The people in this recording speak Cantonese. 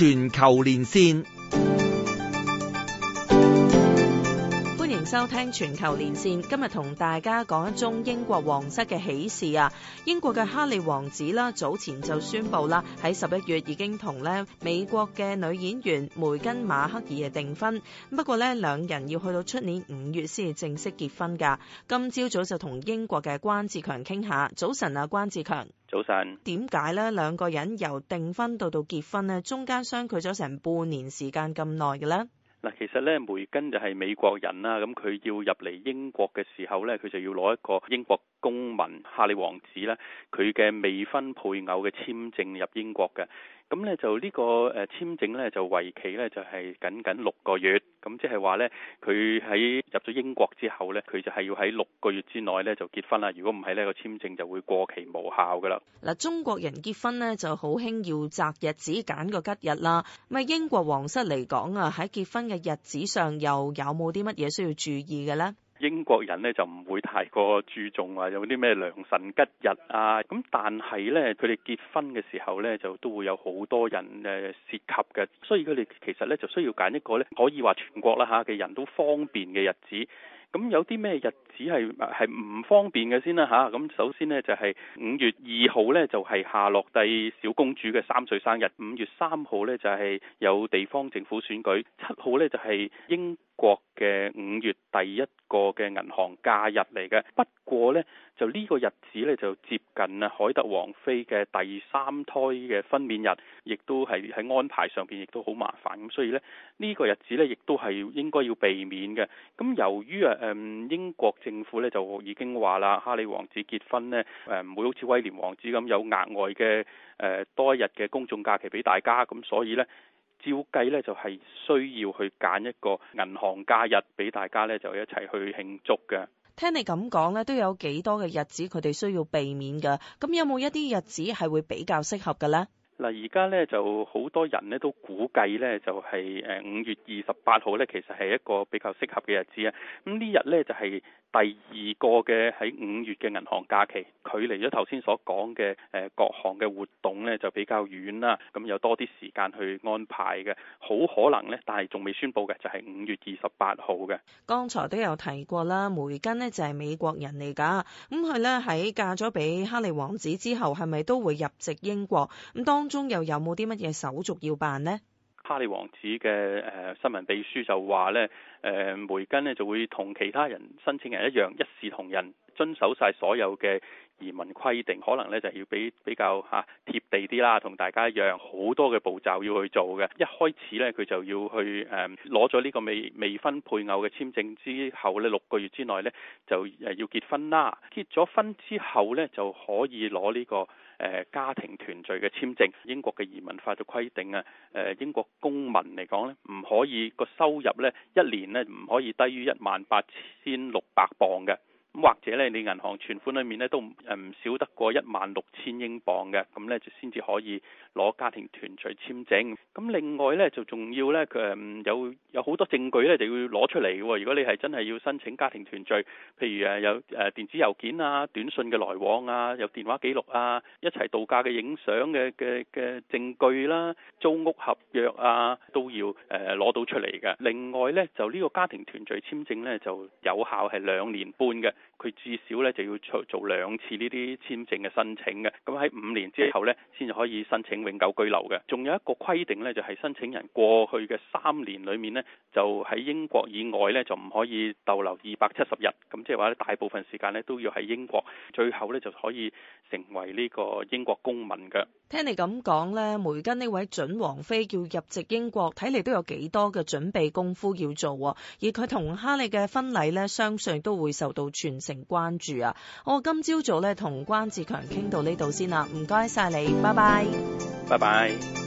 全球連線。收聽全球連線，今日同大家講一宗英國王室嘅喜事啊！英國嘅哈利王子啦，早前就宣布啦，喺十一月已經同咧美國嘅女演員梅根馬克爾嘅訂婚。不過咧，兩人要去到出年五月先至正式結婚噶。今朝早就同英國嘅關志強傾下，早晨啊，關志強，早晨。點解咧？兩個人由訂婚到到結婚咧，中間相距咗成半年時間咁耐嘅咧？嗱，其實咧，梅根就係美國人啦，咁佢要入嚟英國嘅時候咧，佢就要攞一個英國公民哈里王子啦，佢嘅未婚配偶嘅簽證入英國嘅，咁咧就呢個誒簽證咧就為期咧就係僅僅六個月。咁即係話咧，佢喺入咗英國之後咧，佢就係要喺六個月之內咧就結婚啦。如果唔係呢個簽證就會過期無效噶啦。嗱，中國人結婚咧就好興要擇日子揀個吉日啦。咪英國皇室嚟講啊，喺結婚嘅日子上又有冇啲乜嘢需要注意嘅咧？英國人咧就唔會太過注重話有啲咩良辰吉日啊，咁但係呢，佢哋結婚嘅時候呢，就都會有好多人誒涉及嘅，所以佢哋其實呢就需要揀一個呢可以話全國啦吓嘅人都方便嘅日子。咁有啲咩日子係係唔方便嘅先啦、啊、吓，咁首先呢，就係五月二號呢，就係夏洛蒂小公主嘅三歲生日，五月三號呢，就係、是、有地方政府選舉，七號呢，就係、是、英國嘅五月第一個嘅銀行假日嚟嘅，不過呢，就呢個日子咧，就接近啊，凱特王妃嘅第三胎嘅分娩日，亦都係喺安排上面，亦都好麻煩咁，所以咧呢、這個日子咧，亦都係應該要避免嘅。咁由於啊，誒、嗯、英國政府咧就已經話啦，哈里王子結婚咧，誒唔會好似威廉王子咁有額外嘅誒、呃、多一日嘅公眾假期俾大家，咁所以咧照計咧就係、是、需要去揀一個銀行假日俾大家咧，就一齊去慶祝嘅。聽你咁講咧，都有幾多嘅日子佢哋需要避免噶？咁有冇一啲日子係會比較適合嘅咧？嗱，而家咧就好多人咧都估計咧就係誒五月二十八號咧，其實係一個比較適合嘅日子啊！咁呢日咧就係、是。第二個嘅喺五月嘅銀行假期，距離咗頭先所講嘅誒各行嘅活動呢就比較遠啦。咁有多啲時間去安排嘅，好可能呢。但係仲未宣佈嘅就係、是、五月二十八號嘅。剛才都有提過啦，梅根呢就係美國人嚟㗎，咁佢咧喺嫁咗俾哈里王子之後，係咪都會入籍英國？咁、嗯、當中又有冇啲乜嘢手續要辦呢？哈里王子嘅誒新聞秘書就話咧，誒梅根咧就會同其他人申請人一樣，一視同仁，遵守晒所有嘅移民規定。可能咧就要比比較嚇貼地啲啦，同大家一樣，好多嘅步驟要去做嘅。一開始咧，佢就要去誒攞咗呢個未未婚配偶嘅簽證之後呢，六個月之內咧就誒要結婚啦。結咗婚之後咧，就可以攞呢個。誒家庭團聚嘅簽證，英國嘅移民法嘅規定啊，誒英國公民嚟講咧，唔可以個收入咧一年咧唔可以低於一萬八千六百磅嘅。或者咧，你銀行存款裏面咧都唔少得過一萬六千英鎊嘅，咁咧就先至可以攞家庭團聚簽證。咁另外咧就仲要咧，佢有有好多證據咧就要攞出嚟嘅。如果你係真係要申請家庭團聚，譬如誒有誒電子郵件啊、短信嘅來往啊、有電話記錄啊、一齊度假嘅影相嘅嘅嘅證據啦、租屋合約啊，都要誒攞到出嚟嘅。另外咧就呢個家庭團聚簽證咧就有效係兩年半嘅。佢至少咧就要做做兩次呢啲簽證嘅申請嘅，咁喺五年之後呢先至可以申請永久居留嘅。仲有一個規定呢，就係申請人過去嘅三年裏面呢，就喺英國以外呢，就唔可以逗留二百七十日，咁即係話咧大部分時間呢都要喺英國，最後呢就可以成為呢個英國公民嘅。聽你咁講呢，梅根呢位準王妃要入籍英國，睇嚟都有幾多嘅準備功夫要做啊，而佢同哈利嘅婚禮呢，相信都會受到全完成關注啊！我今朝早咧同關志強傾到呢度先啦，唔該晒你，拜拜，拜拜。